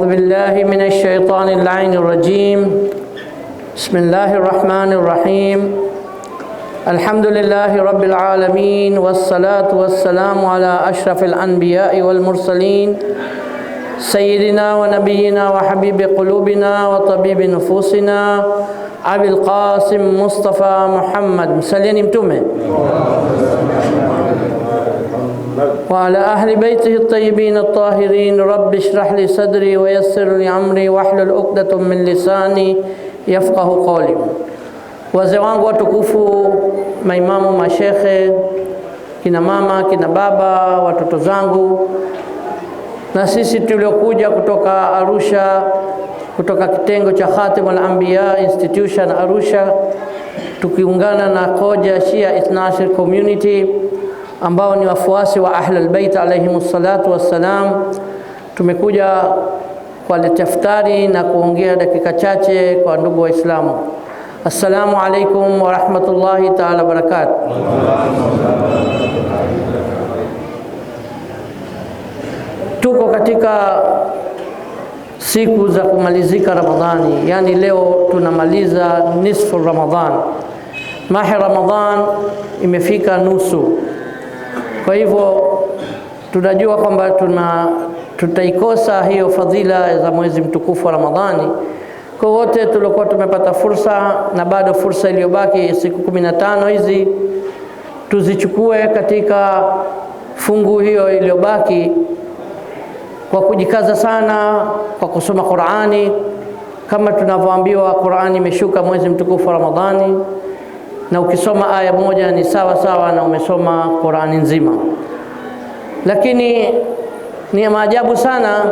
أعوذ بالله من الشيطان اللعين الرجيم بسم الله الرحمن الرحيم الحمد لله رب العالمين والصلاة والسلام على أشرف الأنبياء والمرسلين سيدنا ونبينا وحبيب قلوبنا وطبيب نفوسنا أبي القاسم مصطفى محمد مسلين امتومه وعلى أهل بيته الطيبين الطاهرين رب اشرح لي صدري ويسر لي أمري واحلل عقدة من لساني يفقه قولي wazee wangu watukufu, maimamu, mashekhe, kina mama, kina baba, watoto zangu na sisi tuliokuja kutoka Arusha, kutoka kitengo cha Khatimul Anbiya Institution Arusha, tukiungana na Koja Shia International Community ambao ni wafuasi wa Ahlul Bait alayhim salatu wassalam. Tumekuja kwa litaftari na kuongea dakika chache kwa ndugu Waislamu. Assalamu alaikum warahmatullahi taala barakatuh. Tuko katika siku za kumalizika Ramadhani, yaani leo tunamaliza nisfu Ramadhan. Mahe Ramadhan imefika nusu kwa hivyo tunajua kwamba tuna tutaikosa hiyo fadhila za mwezi mtukufu wa Ramadhani. Kwa wote tuliokuwa tumepata fursa na bado fursa iliyobaki siku kumi na tano hizi tuzichukue katika fungu hiyo iliyobaki kwa kujikaza sana kwa kusoma Qur'ani, kama tunavyoambiwa Qur'ani imeshuka mwezi mtukufu wa Ramadhani na ukisoma aya moja ni sawa sawa na umesoma Qur'ani nzima. Lakini ni maajabu sana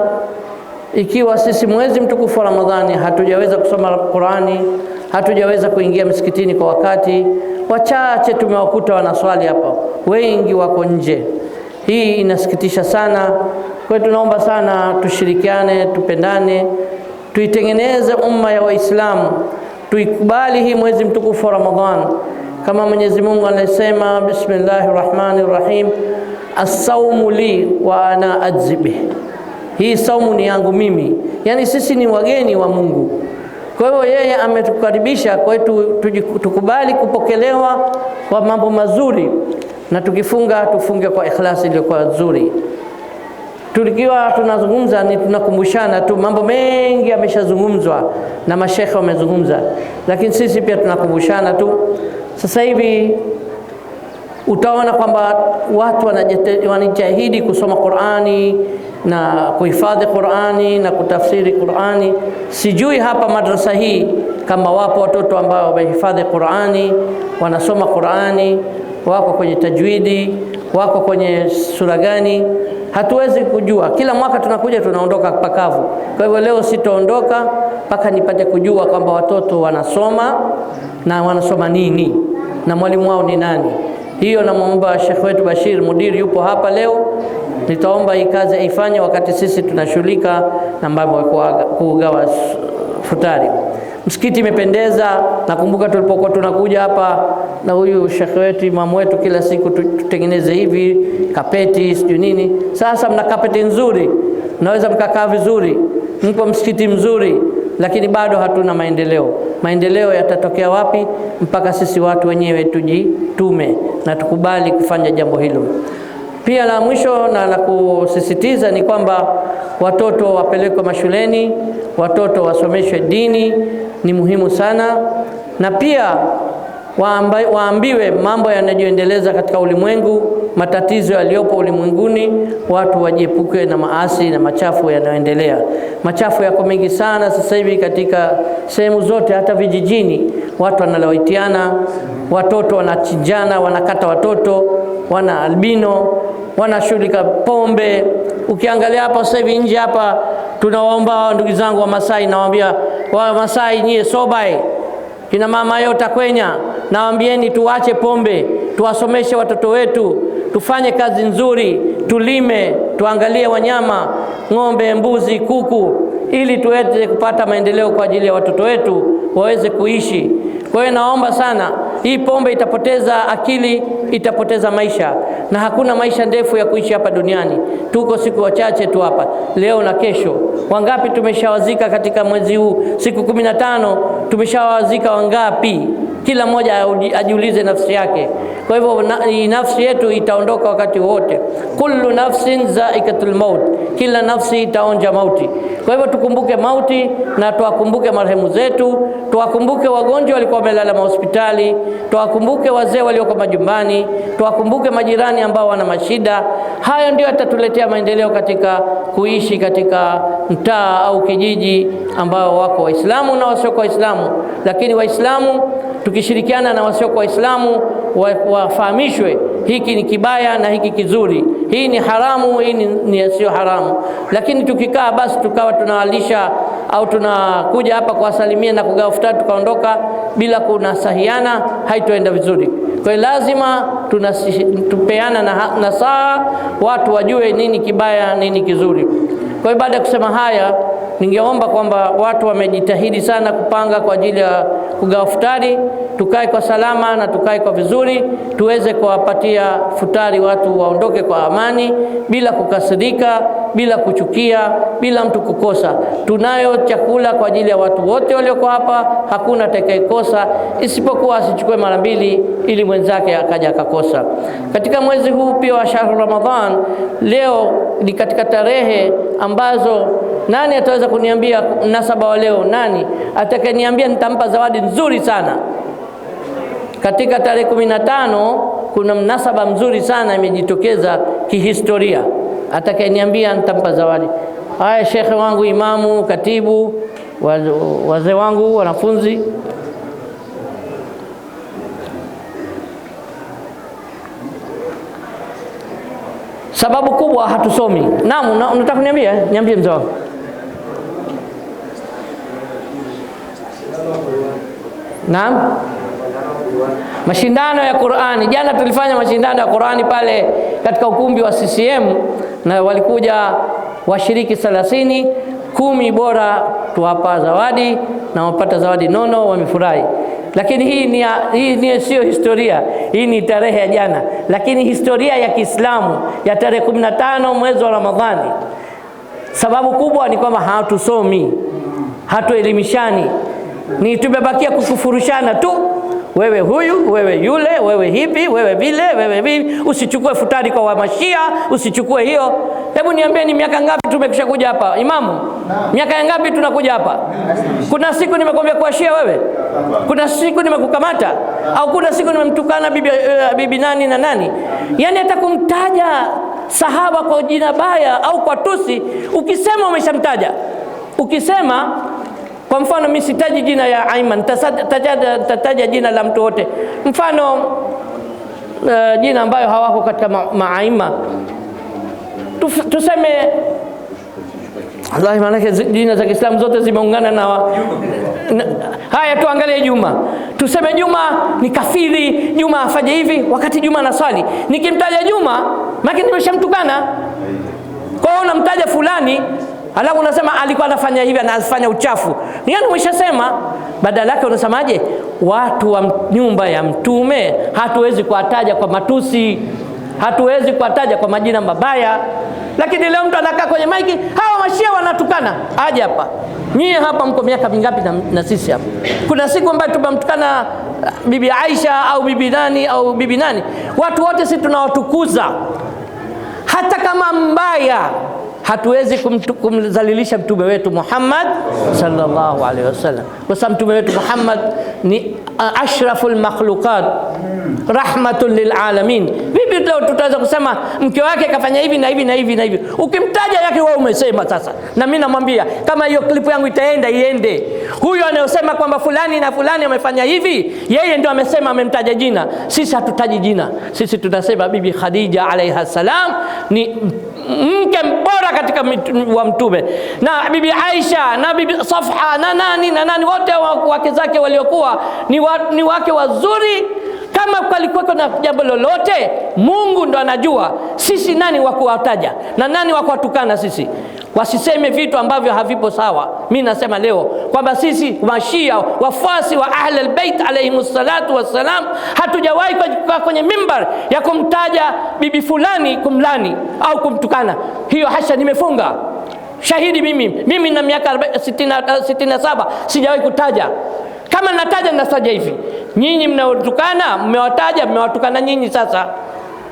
ikiwa sisi mwezi mtukufu wa Ramadhani hatujaweza kusoma Qur'ani, hatujaweza kuingia msikitini kwa wakati. Wachache tumewakuta wanaswali hapa, wengi wako nje. Hii inasikitisha sana. Kwa hiyo tunaomba sana tushirikiane, tupendane, tuitengeneze umma ya Waislamu tuikubali hii mwezi mtukufu wa Ramadhan kama Mwenyezi Mungu anasema, bismillahir rahmanir rahim, as li wa ana ajzibi, hii saumu ni yangu mimi. Yani sisi ni wageni wa Mungu, kwa hivyo yeye ametukaribisha. Kwa hiyo tukubali kupokelewa kwa mambo mazuri, na tukifunga tufunge kwa ikhlasi iliyokuwa nzuri tulikiwa tunazungumza ni tunakumbushana tu, mambo mengi yameshazungumzwa na mashekhe wamezungumza, lakini sisi pia tunakumbushana tu. Sasa hivi utaona kwamba watu wanajitahidi kusoma Qur'ani na kuhifadhi Qur'ani na kutafsiri Qur'ani. Sijui hapa madrasa hii kama wapo watoto ambao wamehifadhi Qur'ani, wanasoma Qur'ani, wako kwenye tajwidi, wako kwenye sura gani? hatuwezi kujua. Kila mwaka tunakuja tunaondoka pakavu. Kwa hivyo leo sitaondoka mpaka nipate kujua kwamba watoto wanasoma na wanasoma nini na mwalimu wao ni nani. Hiyo namwomba Sheikh wetu Bashir Mudiri, yupo hapa leo, nitaomba hii kazi aifanye wakati sisi tunashughulika na mambo ya kugawa futari. Msikiti imependeza. Nakumbuka tulipokuwa tunakuja hapa na huyu shekhe wetu imamu wetu kila siku tutengeneze hivi kapeti sijui nini. Sasa mna kapeti nzuri, mnaweza mkakaa vizuri, mko msikiti mzuri, lakini bado hatuna maendeleo. Maendeleo yatatokea wapi? Mpaka sisi watu wenyewe tujitume na tukubali kufanya jambo hilo. Pia la mwisho na la kusisitiza ni kwamba watoto wapelekwe mashuleni, watoto wasomeshwe dini, ni muhimu sana na pia waambiwe mambo yanayoendeleza katika ulimwengu, matatizo yaliyopo ulimwenguni, watu wajiepuke na maasi na machafu yanayoendelea. Machafu yako mengi sana sasa hivi katika sehemu zote, hata vijijini watu wanaloitiana, watoto wanachinjana, wanakata watoto, wana albino, wanashughulika pombe. Ukiangalia hapa sasa hivi nje hapa, tunawaomba ndugu zangu Wamasai, nawaambia Wamasai nyie sobae, kina mama yote kwenya Nawaambieni tuwache pombe, tuwasomeshe watoto wetu, tufanye kazi nzuri, tulime, tuangalie wanyama, ng'ombe, mbuzi, kuku, ili tuweze kupata maendeleo kwa ajili ya watoto wetu waweze kuishi. Kwa hiyo naomba sana, hii pombe itapoteza akili, itapoteza maisha, na hakuna maisha ndefu ya kuishi hapa duniani. Tuko siku wachache tu hapa leo na kesho. Wangapi tumeshawazika katika mwezi huu? Siku kumi na tano tumeshawazika wangapi? Kila mmoja ajiulize nafsi yake. Kwa hivyo na, nafsi yetu itaondoka wakati wote. Kullu nafsin zaikatul maut, kila nafsi itaonja mauti. Kwa hivyo tukumbuke mauti na tuwakumbuke marehemu zetu, tuwakumbuke wagonjwa walikuwa wamelala mahospitali, tuwakumbuke wazee walioko majumbani, tuwakumbuke majirani ambao wana mashida. Hayo ndio yatatuletea maendeleo katika kuishi katika mtaa au kijiji ambao wako Waislamu na wasioko Waislamu, lakini Waislamu tukishirikiana na kwa Waislamu wafahamishwe hiki ni kibaya na hiki kizuri, hii ni haramu, hii ni, ni sio haramu. Lakini tukikaa basi tukawa tunawalisha au tunakuja hapa kuwasalimia na kugawa futari tukaondoka bila kunasahiana, haitoenda vizuri. Kwa hiyo lazima tupeana na nasaha, watu wajue nini kibaya, nini kizuri. Kwa hiyo baada ya kusema haya, ningeomba kwamba watu wamejitahidi sana kupanga kwa ajili ya kugawa futari tukae kwa salama na tukae kwa vizuri, tuweze kuwapatia futari watu waondoke kwa amani, bila kukasirika, bila kuchukia, bila mtu kukosa. Tunayo chakula kwa ajili ya watu wote walioko hapa, hakuna atakayekosa, isipokuwa asichukue mara mbili, ili mwenzake akaja akakosa. Katika mwezi huu pia wa shahru Ramadhan, leo ni katika tarehe ambazo nani ataweza kuniambia mnasaba wa leo? Nani atakayeniambia nitampa zawadi nzuri sana katika tarehe 15 kuna mnasaba mzuri sana imejitokeza kihistoria. Atakayeniambia nitampa zawadi. Haya, shekhe wangu, imamu, katibu, wazee wangu, wanafunzi, sababu kubwa hatusomi. Naam, unataka kuniambia? Niambie mzee wangu. Naam mashindano ya Qur'ani. Jana tulifanya mashindano ya Qur'ani pale katika ukumbi wa CCM na walikuja washiriki 30, kumi bora tuwapa zawadi na wapata zawadi nono, wamefurahi. Lakini hii ni hii ni sio historia, hii ni tarehe ya jana, lakini historia ya Kiislamu ya tarehe 15 mwezi wa Ramadhani. Sababu kubwa ni kwamba hatusomi, hatuelimishani, ni tumebakia kukufurushana tu wewe huyu, wewe yule, wewe hivi, wewe vile, wewe vile. Usichukue futari kwa wamashia, usichukue hiyo. Hebu niambie ni miaka ngapi tumekisha kuja hapa imamu? Miaka ngapi tunakuja hapa? Kuna siku nimekwambia kuashia wewe? Kuna siku nimekukamata? Au kuna siku nimemtukana bibi, uh, bibi nani na nani? Yaani hata kumtaja sahaba kwa jina baya au kwa tusi, ukisema umeshamtaja, ukisema kwa mfano mimi sitaji jina ya Aiman, tataja jina la mtu wote. Mfano uh, jina ambayo hawako katika maaima ma tuseme Allah, maanake jina za Kiislamu zote zimeungana na, na haya, tuangalie Juma. Tuseme Juma ni kafiri, Juma afanye hivi, wakati Juma anaswali. Nikimtaja Juma, maana nimeshamtukana. Kwa hiyo unamtaja fulani alafu unasema alikuwa anafanya hivi, anafanya uchafu. Yani umeshasema, badala yake unasemaje? Watu wa nyumba ya Mtume hatuwezi kuwataja kwa matusi, hatuwezi kuwataja kwa majina mabaya. Lakini leo mtu anakaa kwenye maiki, hawa mashia wanatukana. Aje hapa nyie, hapa mko miaka mingapi na, na sisi hapa? Kuna siku ambayo tumemtukana uh, bibi Aisha au bibi nani au bibi nani? Watu wote sisi tunawatukuza hata kama mbaya hatuwezi kumdhalilisha mtume wetu Muhammad sallallahu alaihi wasallam, kwa sababu mtume wetu Muhammad ni ashraful makhluqat rahmatun lil alamin. Vipi tutaweza kusema mke wake kafanya hivi na hivi na hivi na hivi? Ukimtaja yake wewe umesema. Sasa na mimi namwambia kama hiyo klipu yangu itaenda iende, huyo anayosema kwamba fulani na fulani amefanya hivi, yeye ndio amesema, amemtaja jina. Sisi hatutaji jina, sisi tunasema Bibi Khadija alaiha salam ni mke mbora katika wa Mtume na Bibi Aisha na Bibi Safha na nani na nani, wote wake zake waliokuwa ni, wa, ni wake wazuri. Kama palikuwa na jambo lolote, Mungu ndo anajua sisi nani wa kuwataja na nani wa kuwatukana sisi wasiseme vitu ambavyo havipo sawa. Mimi nasema leo kwamba sisi Mashia, wafuasi wa Ahl al-Bait alayhi salatu wassalam, hatujawahi kukaa kwenye mimbar ya kumtaja bibi fulani kumlani au kumtukana. Hiyo hasha, nimefunga shahidi mimi. Mimi na miaka 67 sijawahi kutaja kama nataja, nasaja hivi. Nyinyi mnaotukana mmewataja, mmewatukana nyinyi sasa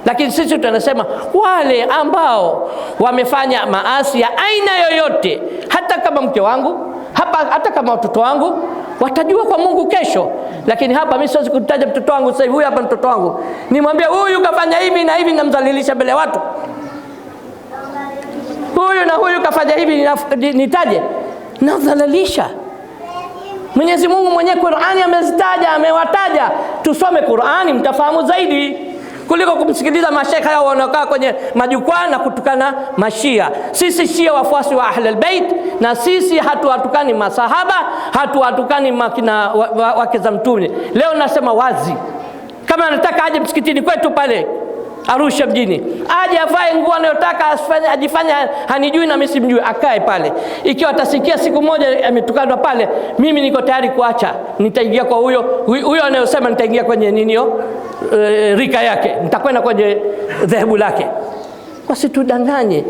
lakini sisi tunasema wale ambao wamefanya maasi ya aina yoyote, hata kama mke wangu hapa, hata kama watoto wangu watajua kwa Mungu kesho. Lakini hapa mimi siwezi kutaja mtoto wangu sasa hivi, huyu hapa mtoto wangu nimwambia, huyu kafanya hivi na hivi, namdhalilisha mbele ya watu, huyu na huyu kafanya hivi, nitaje? Namdhalilisha. Mwenyezi Mungu mwenyewe Qur'ani amezitaja, amewataja. Tusome Qur'ani mtafahamu zaidi kuliko kumsikiliza mashekhe hao wanaokaa kwenye majukwaa na kutukana mashia. Sisi shia wafuasi wa Ahlul Bait, na sisi hatuwatukani masahaba, hatuwatukani makina wake wa, wa, wa za Mtume. Leo nasema wazi, kama anataka aje msikitini kwetu pale Arusha mjini, aje avae nguo anayotaka, ajifanya hanijui na mimi simjui, akae pale. Ikiwa atasikia siku moja ametukanwa pale, mimi niko tayari kuacha, nitaingia kwa huyo huyo anayosema, nitaingia kwenye ninio e, rika yake, nitakwenda kwenye dhehebu lake. Wasitudanganye.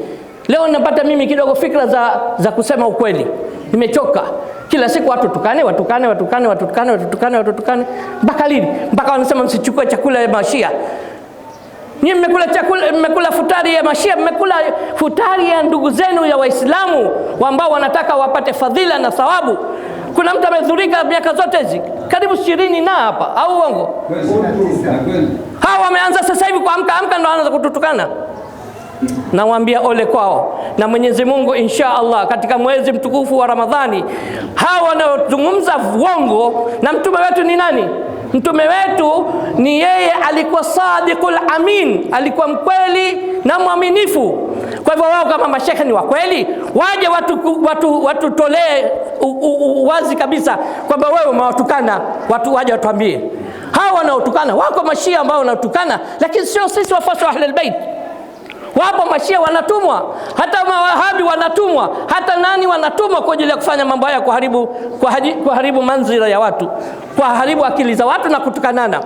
Leo napata mimi kidogo fikra za, za kusema ukweli, nimechoka kila siku watu tukane watukane watukane watukane watukane watukane, mpaka lini? Mpaka wanasema msichukue chakula ya mashia ni mmekula chakula, mmekula futari ya Mashia, mmekula futari ya ndugu zenu ya Waislamu ambao wanataka wapate fadhila na thawabu. Kuna mtu amedhurika miaka zote hizi karibu ishirini na hapa, au uongo? Hawa wameanza sasa hivi kuamka amka, ndo anaanza kututukana. Nawaambia ole kwao, na Mwenyezi Mungu insha Allah katika mwezi mtukufu wa Ramadhani hawa wanaozungumza uongo na mtume wetu ni nani? Mtume wetu ni yeye, alikuwa sadiqul amin, alikuwa mkweli na mwaminifu. Kwa hivyo wao kama mashekhe ni wa kweli, waje watutolee watu, watu wazi kabisa kwamba wewe umewatukana watu, waje watuambie. Hawa wanaotukana wako mashia ambao wanaotukana, lakini sio sisi wafuasi wa Ahlul Bait. Wapo mashia wanatumwa, hata mawahabi wanatumwa, hata nani wanatumwa kwa ajili ya kufanya mambo haya, kuharibu, kuharibu manzira ya watu, kuharibu akili za watu na kutukanana,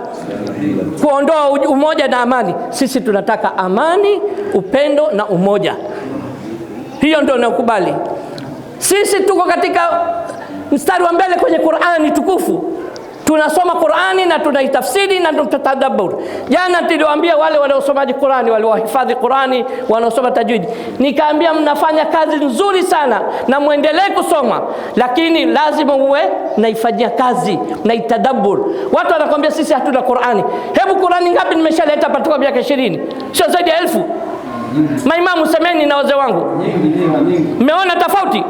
kuondoa umoja na amani. Sisi tunataka amani, upendo na umoja. Hiyo ndio naokubali Sisi tuko katika mstari wa mbele kwenye Qur'ani tukufu tunasoma Qurani na tunaitafsiri na tutatadaburi. Jana tuliwaambia wale wanaosomaji Qurani, wahifadhi Qurani, wanaosoma tajwidi, nikaambia mnafanya kazi nzuri sana na mwendelee kusoma, lakini lazima uwe naifanyia kazi na Watu wanakwambia sisi hatuna Qurani. Hebu Qurani ngapi nimeshaleta patuka miaka ishirini, sio zaidi ya elfu. Maimamu semeni na wazee wangu, mmeona tofauti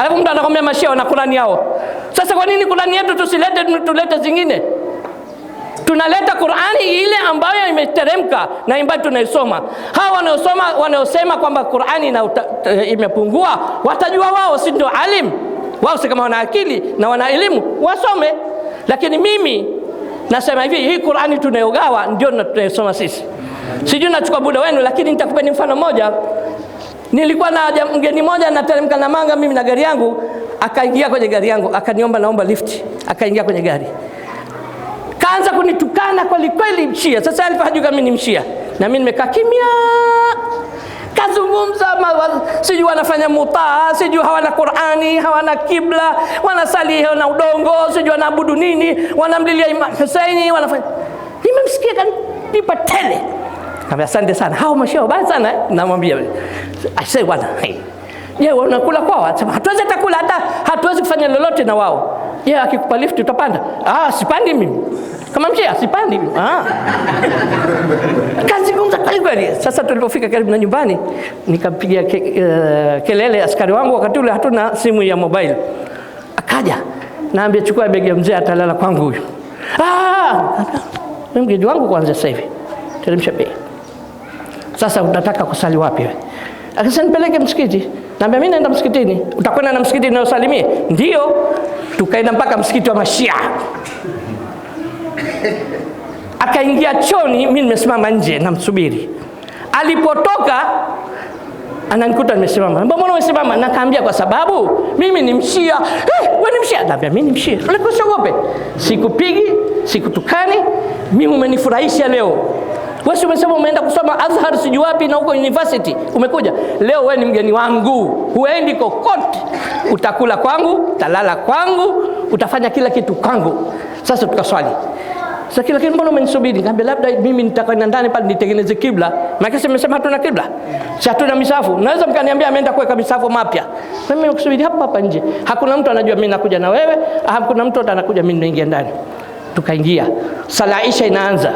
Alafu mtu anakwambia mashia wana Qurani yao. Sasa kwa nini Qurani yetu tusilete tulete zingine? Tunaleta Qurani ile ambayo imeteremka na ambayo tunaisoma. Hawa wanaosoma wanaosema kwamba Qurani na eh, imepungua watajua wao, si ndio alim wao, si kama wana akili na wana elimu wasome. Lakini mimi nasema hivi, hii Qurani tunayogawa ndio tunayosoma sisi. Sijui nachukua muda wenu, lakini nitakupeni mfano mmoja. Nilikuwa na mgeni mmoja nateremka na manga mimi na gari yangu, akaingia kwenye gari yangu akaniomba, naomba lifti, akaingia kwenye gari kaanza kunitukana kweli kweli, mshia. Sasa alifahajua kama mimi ni mshia, na mimi nimekaa kimya. Kazungumza sijui wanafanya mutaa, sijui hawana Qur'ani, hawana kibla, wanasali na udongo, sijui wanaabudu nini, wanamlilia Imam Husaini, wanafanya. Nimemsikia kanipa tele Akambia asante sana. Hao mashao sana. Namwambia aisee bwana. Hey. Je, unakula kwao? Anasema hatuwezi takula hata hatuwezi kufanya lolote na wao. Je, akikupa lift utapanda? Ah, sipandi mimi. Kama mshia sipandi mimi. Ah. Kazi ngumu kweli kweli. Sasa tulipofika karibu na nyumbani nikampigia ke, uh, kelele askari wangu wakati ule hatuna simu ya mobile. Akaja naambia chukua begi mzee atalala kwangu huyu. Ah! ah, ah. Mgeji wangu kwanza sasa hivi. Teremsha bei. Sasa utataka kusali wapi wewe? Akasema nipeleke msikiti. Naambia mimi naenda msikitini. Utakwenda na msikiti ninayosalimia? Ndio. Tukaenda mpaka msikiti wa Mashia. Akaingia choni, mimi nimesimama nje namsubiri. Alipotoka ananikuta nimesimama. Mbona umesimama? Nakaambia kwa sababu mimi ni mshia. eh, wewe ni mshia? Naambia mimi ni mshia. Usiogope. Sikupigi, sikutukani. Mimi umenifurahisha leo. Wewe umesema umeenda kusoma Azhar sijui wapi na huko university umekuja. Leo wewe ni mgeni wangu, huendi kokote. Utakula kwangu, utalala kwangu, utafanya kila kitu kwangu. Sasa tukaswali. Sasa kila kitu mbona umenisubiri? Nikamwambia labda mimi nitakwenda ndani pale nitengeneze kibla. Maana sisi tumesema hatuna kibla. Si hatuna misafu. Naweza mkaniambia ameenda kuweka misafu mapya. Mimi nikusubiri hapa hapa nje. Hakuna mtu anajua mimi nakuja na wewe, hakuna mtu atakuja mimi naingia ndani tukaingia sala isha inaanza,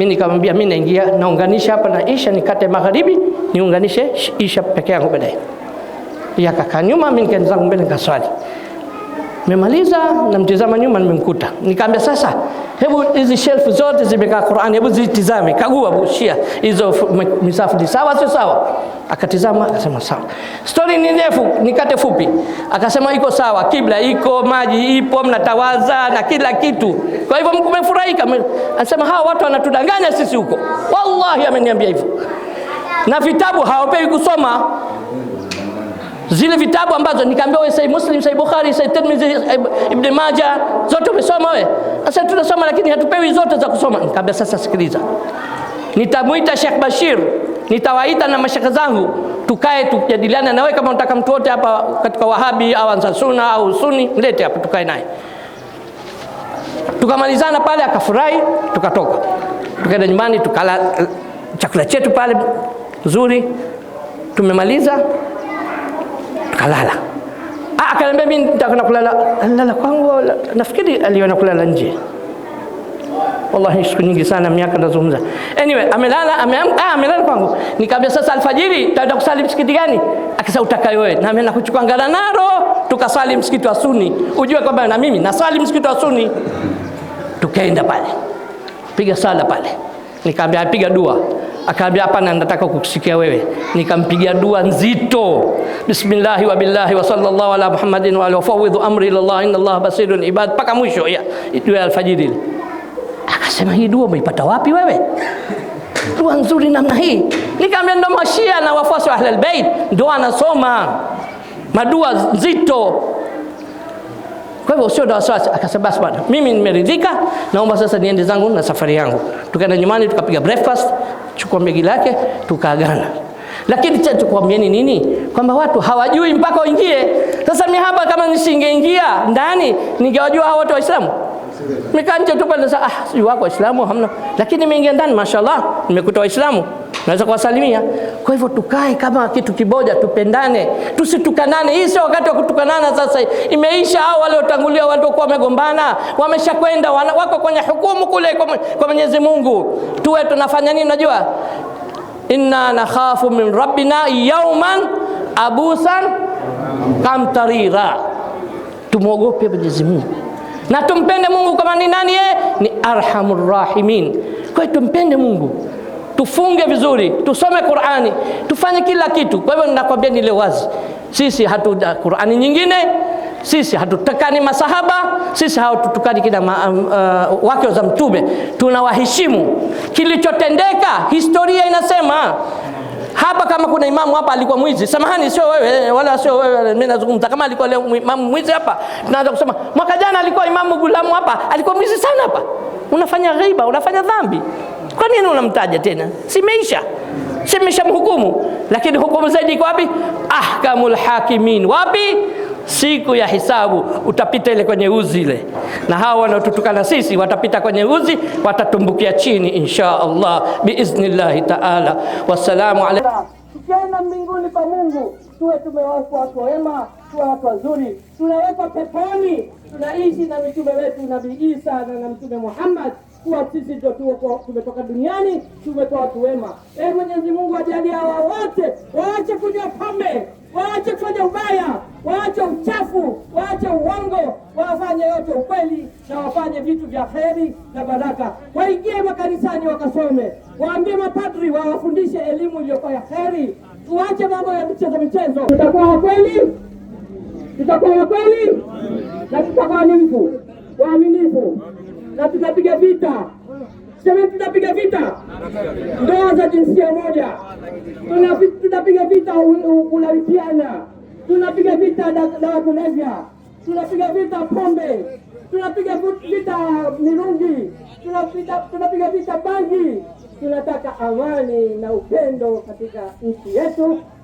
mimi nikamwambia mimi naingia naunganisha hapa na isha, nikate magharibi niunganishe isha peke yangu, baadaye yakakaa nyuma, mimi nikaanza mbele nikaswali Nimemaliza namtizama nyuma, nimemkuta. Nikamwambia sasa, hebu hizi shelfu zote zimekaa Qur'ani, hebu zitizame, kagua bushia hizo misafu ni sawa, sio sawa? Akatizama akasema sawa. Stori ni ndefu, nikate fupi. Akasema iko sawa, kibla iko, maji ipo, mnatawaza na kila kitu, kwa hivyo mmefurahika. Anasema hawa watu wanatudanganya sisi huko, wallahi ameniambia hivyo, na vitabu hawapewi kusoma zile vitabu ambazo nikaambia wewe Sahih Muslim, Sahih Bukhari, Sahih Tirmidhi, Ibn Majah zote umesoma wewe. Sasa tunasoma lakini hatupewi zote za kusoma. Nikaambia sasa, sikiliza, nitamuita Sheikh Bashir, nitawaita na mashaka zangu tukae tujadiliane na wewe, kama unataka mtu wote hapa katika Wahabi au Ansasuna au Sunni, mlete hapa tukae naye. Tukamalizana pale, akafurahi, tukatoka tukaenda nyumbani, tukala chakula chetu pale nzuri, tumemaliza akalala. Ah, akaniambia mimi nitakwenda kulala, alilala kwangu, nafikiri aliona kulala nje. Wallahi, siku nyingi sana, miaka nazungumza. Anyway, amelala ameamka, ah, amelala kwangu. nikaambia sasa, alfajiri tutaenda kusali msikiti gani? akisa utakayo wewe, na mimi nakuchukua Ngaranaro, tukasali msikiti wa suni Ujue kwamba na mimi nasali msikiti wa suni Tukaenda pale, piga sala pale, nikaambia piga dua Akaambia hapana, nataka kukusikia wewe. Nikampigia dua nzito, bismillahi wa billahi wa sallallahu ala muhammadin wa alihi wafawidhu amri ila Allah inna Allah basirun ibad, mpaka mwisho ya dua ya alfajiri. Akasema hii dua umeipata wapi wewe? Dua nzuri namna hii. Nikamwambia ndo mashia na wafuasi wa ahlul bait ndo anasoma madua nzito kwa hivyo usio na wasiwasi. Akasema basi bwana, mimi nimeridhika, naomba sasa niende zangu na safari yangu. Tukaenda nyumbani, tukapiga breakfast, chukua begi lake, tukaagana. Lakini cha tukwambieni nini? Kwamba watu hawajui mpaka waingie. Sasa mimi hapa kama nisingeingia ndani, ningewajua hao watu Waislamu. Nikaanja tu pale sasa, ah, sijui wako Waislamu hamna, lakini nimeingia ndani, mashaallah nimekuta Waislamu naweza kuwasalimia. Kwa hivyo tukae kama kitu kimoja, tupendane, tusitukanane. Hii sio wakati wa kutukanana. Sasa imeisha. Hao waliotangulia waliokuwa wamegombana wameshakwenda, wako kwenye hukumu kule kwa Mwenyezi Mungu. Tuwe tunafanya nini? Unajua, inna nakhafu min rabbina yawman abusan kamtarira, tumwogope Mwenyezi Mungu na tumpende Mungu kama ni nani? Yeye ni arhamur rahimin. Kwa hiyo tumpende Mungu, tufunge vizuri, tusome Qur'ani, tufanye kila kitu. Kwa hivyo ninakwambia nile wazi, sisi hatu Qur'ani nyingine, sisi hatutakani masahaba, sisi hatutukani kina ma, um, uh, wake za Mtume, tunawaheshimu. Kilichotendeka historia inasema hapa. Kama kuna imamu hapa alikuwa mwizi, samahani, sio wewe wala sio wewe, mimi nazungumza kama alikuwa leo imamu mwizi hapa, tunaanza kusema mwaka jana alikuwa imamu Gulamu hapa alikuwa mwizi sana hapa. Unafanya ghiba, unafanya dhambi, kwa nini unamtaja tena? Simeisha, mhukumu Lakini hukumu zaidi iko wapi? Ahkamul hakimin wapi siku ya hisabu utapita ile kwenye uzi ile, na hawa wanaotutukana sisi watapita kwenye uzi, watatumbukia chini insha Allah biiznillahi taala. Wassalamu alaykum. Tukienda mbinguni pa Mungu tuwe tumewekwa watu wema, tuwe watu wazuri, tunawekwa peponi, tunaishi na mitume wetu Nabii Isa na Mtume Muhammad kuwa sisi ndio tumetoka duniani, tumetoa watu wema. Ee Mwenyezi Mungu, ajalie hawa wote waache kunywa pombe waache kufanya ubaya, waache uchafu, waache uongo, wafanye yote ukweli na wafanye vitu vya heri na baraka. Waingie makanisani wakasome, waambie mapadri wawafundishe elimu iliyokuwa ya heri. Tuache mambo ya michezo michezo. Tutakuwa wakweli, tutakuwa wakweli na tutakuwa ni mtu waaminifu na tutapiga vita Sema tutapiga vita ndoa za jinsia moja, tunapiga vita ulawitiana, tunapiga vita dawa kulevya, tunapiga vita pombe, tunapiga vita mirungi, tunapiga vita bangi. Tunataka amani na upendo katika nchi yetu.